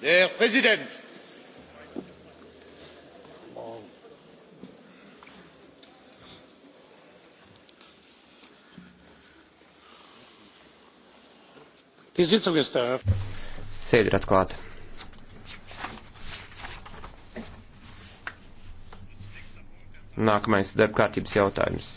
der präsident! die sitzung ist eröffnet. sēde ir atklāta. nākamais darbkārtības jautājums.